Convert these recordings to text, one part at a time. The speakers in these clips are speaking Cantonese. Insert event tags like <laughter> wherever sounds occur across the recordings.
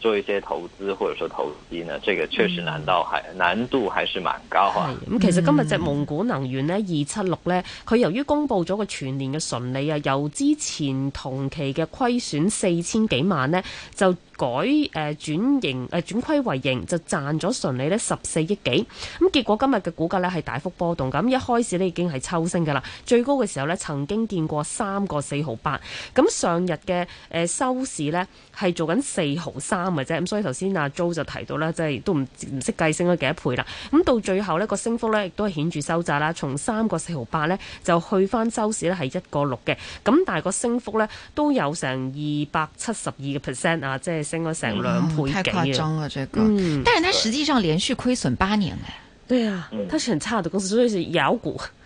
做一些投資，或者說投資呢？這個確實難道，還難度還是蠻高啊。咁、嗯、其實今日隻蒙古能源呢，二七六呢，佢由於公布咗個全年嘅純利啊，由之前同期嘅虧損四千幾萬呢。就。改誒、呃、轉型誒、呃、轉虧為盈就賺咗純利咧十四億幾，咁結果今日嘅股價咧係大幅波動咁，一開始咧已經係抽升嘅啦，最高嘅時候咧曾經見過三個四毫八，咁上日嘅誒收市咧係做緊四毫三嘅啫，咁所以頭先阿 Joe 就提到啦，即係都唔唔識計升咗幾多倍啦，咁到最後呢個升幅呢，亦都係顯著收窄啦，從三個四毫八呢，就去翻收市咧係一個六嘅，咁但係個升幅呢，都有成二百七十二個 percent 啊，即係。升咗成兩倍幾，太誇張啦，但是佢實際上連續虧損八年咧、欸。對啊，佢、嗯、是很差的公司，所以是妖股。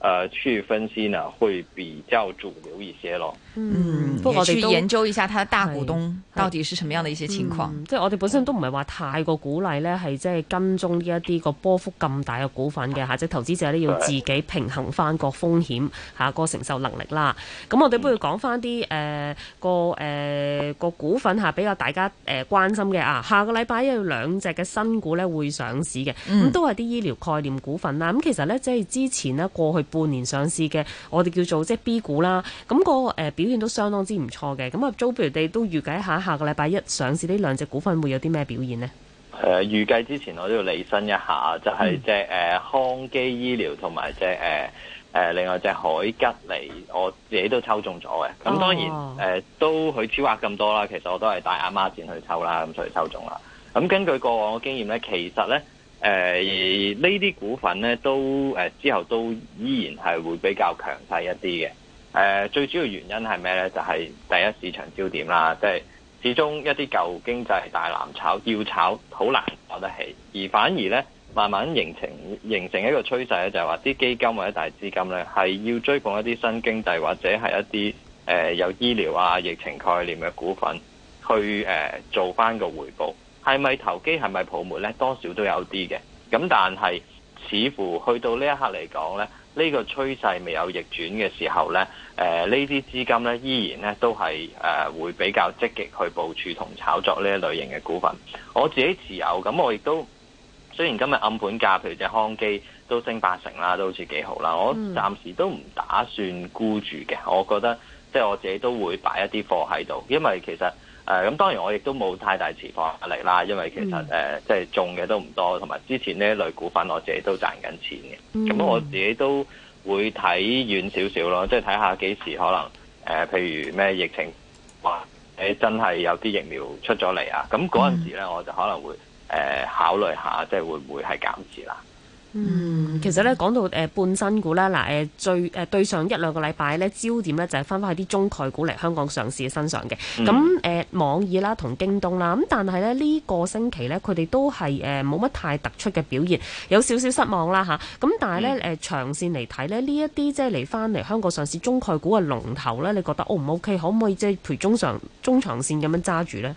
誒，去分析呢會比較主流一些咯。嗯，不過我哋去研究一下，佢大股東到底是什麼樣的一些情況？是是是嗯嗯，即係我哋本身都唔係話太過鼓勵呢係即係跟蹤呢一啲個波幅咁大嘅股份嘅吓，嗯啊，即投資者呢要自己平衡翻個風險吓，啊這個承受能力啦。咁我哋不如講翻啲誒個誒、呃、個股份吓比較大家誒、呃、關心嘅啊。下個禮拜有兩隻嘅新股呢會上市嘅，咁、嗯、都係啲醫療概念股份啦。咁、啊、其實呢，即係之前呢過去。半年上市嘅，我哋叫做即係 B 股啦，咁、那個誒表現都相當之唔錯嘅。咁阿 Jo，譬如你都預計下下個禮拜一上市呢兩隻股份會有啲咩表現呢？誒，預計之前我都要利申一下，就係即係誒康基醫療同埋即係誒誒，另外隻海吉亞，我自己都抽中咗嘅。咁當然誒、哦呃、都佢超額咁多啦。其實我都係帶阿媽錢去抽啦，咁所以抽中啦。咁根據過往嘅經驗咧，其實咧。誒、呃，而呢啲股份呢，都誒、呃、之後都依然係會比較強勢一啲嘅。誒、呃，最主要原因係咩呢？就係、是、第一市場焦點啦，即、就、係、是、始終一啲舊經濟大藍籌，要炒好難炒得起，而反而呢，慢慢形成形成一個趨勢咧，就係話啲基金或者大資金呢，係要追捧一啲新經濟或者係一啲誒、呃、有醫療啊疫情概念嘅股份去誒、呃、做翻個回報。係咪投機？係咪泡沫呢？多少都有啲嘅。咁但係，似乎去到呢一刻嚟講咧，呢、呢個趨勢未有逆轉嘅時候咧，誒呢啲資金咧依然咧都係誒、呃、會比較積極去部署同炒作呢一類型嘅股份。我自己持有，咁我亦都雖然今日暗盤價，譬如隻康基都升八成啦，都好似幾好啦、嗯。我暫時都唔打算沽住嘅。我覺得即係、就是、我自己都會擺一啲貨喺度，因為其實。誒咁當然我亦都冇太大持防壓力啦，因為其實誒即係中嘅都唔多，同埋之前呢類股份我自己都賺緊錢嘅，咁、嗯、我自己都會睇遠少少咯，即係睇下幾時可能誒、呃，譬如咩疫情話、哎、真係有啲疫苗出咗嚟啊，咁嗰陣時咧我就可能會誒、呃、考慮下，即、就、係、是、會唔會係減持啦。嗯，其實咧講到誒半新股啦嗱，誒最誒對上一兩個禮拜咧焦點咧就係翻翻喺啲中概股嚟香港上市嘅身上嘅，咁、嗯、誒網易啦同京東啦，咁但係咧呢個星期咧佢哋都係誒冇乜太突出嘅表現，有少少失望啦吓，咁但係咧誒長線嚟睇咧呢一啲即係嚟翻嚟香港上市中概股嘅龍頭咧，你覺得 O 唔 O K？可唔可以即係陪中上中長線咁樣揸住咧？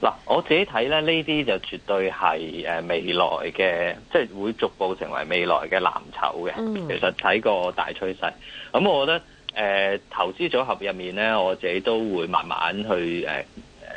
嗱，我自己睇咧，呢啲就絕對係誒未來嘅，即係會逐步成為未來嘅藍籌嘅。Mm -hmm. 其實睇個大趨勢，咁我覺得誒投資組合入面咧，我自己都會慢慢去誒誒，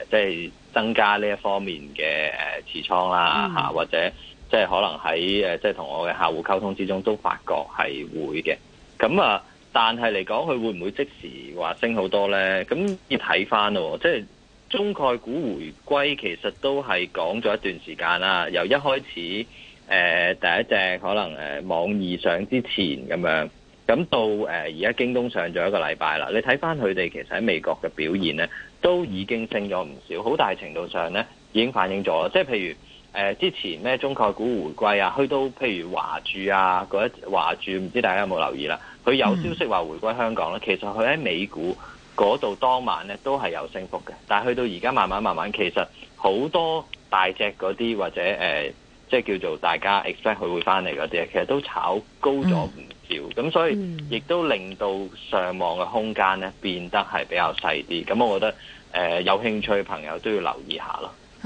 即係增加呢一方面嘅誒持倉啦吓，mm -hmm. 或者即係可能喺誒即係同我嘅客戶溝通之中都發覺係會嘅。咁啊，但係嚟講，佢會唔會即時話升好多咧？咁要睇翻咯，即係。中概股回歸其實都係講咗一段時間啦，由一開始誒、呃、第一隻可能誒網易上之前咁樣，咁到誒而家京東上咗一個禮拜啦。你睇翻佢哋其實喺美國嘅表現呢，都已經升咗唔少，好大程度上呢已經反映咗。即係譬如誒、呃、之前咩中概股回歸啊，去到譬如華住啊嗰一華住，唔知大家有冇留意啦？佢有消息話回歸香港咧，其實佢喺美股。嗰度當晚咧都係有升幅嘅，但係去到而家慢慢慢慢，其實好多大隻嗰啲或者即係、呃就是、叫做大家 expect 佢會翻嚟嗰啲，其實都炒高咗唔少，咁、嗯、所以亦都令到上望嘅空間咧變得係比較細啲，咁我覺得誒、呃、有興趣嘅朋友都要留意下咯。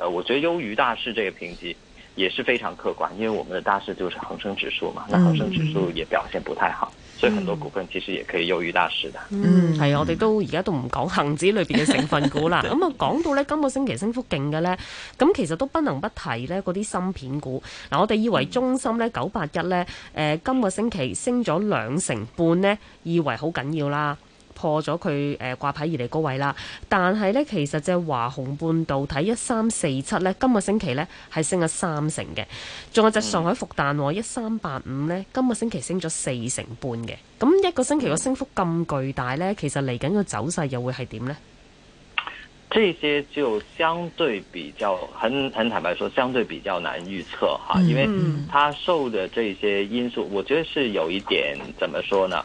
呃、我覺得優於大市這個評級也是非常客觀，因為我們的大市就是恒生指數嘛，那恒生指數也表現不太好，所以很多股份其實也可以優於大市的。Mm -hmm. Mm -hmm. Mm -hmm. <laughs> 嗯，係啊，我哋都而家都唔講恒指裏邊嘅成分股啦，咁啊講到呢今個星期升幅勁嘅呢，咁其實都不能不提呢嗰啲芯片股。嗱、啊，我哋以為中芯呢九八一呢，誒、呃、今個星期升咗兩成半呢，以為好緊要啦。破咗佢誒掛牌而嚟高位啦，但係呢，其實就華虹半導體一三四七呢，今個星期呢係升咗三成嘅，仲有隻上海復旦一三八五呢，今個星期升咗四成半嘅，咁一個星期個升幅咁巨大呢，其實嚟緊個走勢又會係點呢？這些就相對比較，很很坦白說，相對比較難預測哈，因為它受的這些因素，我覺得是有一點，怎麼說呢？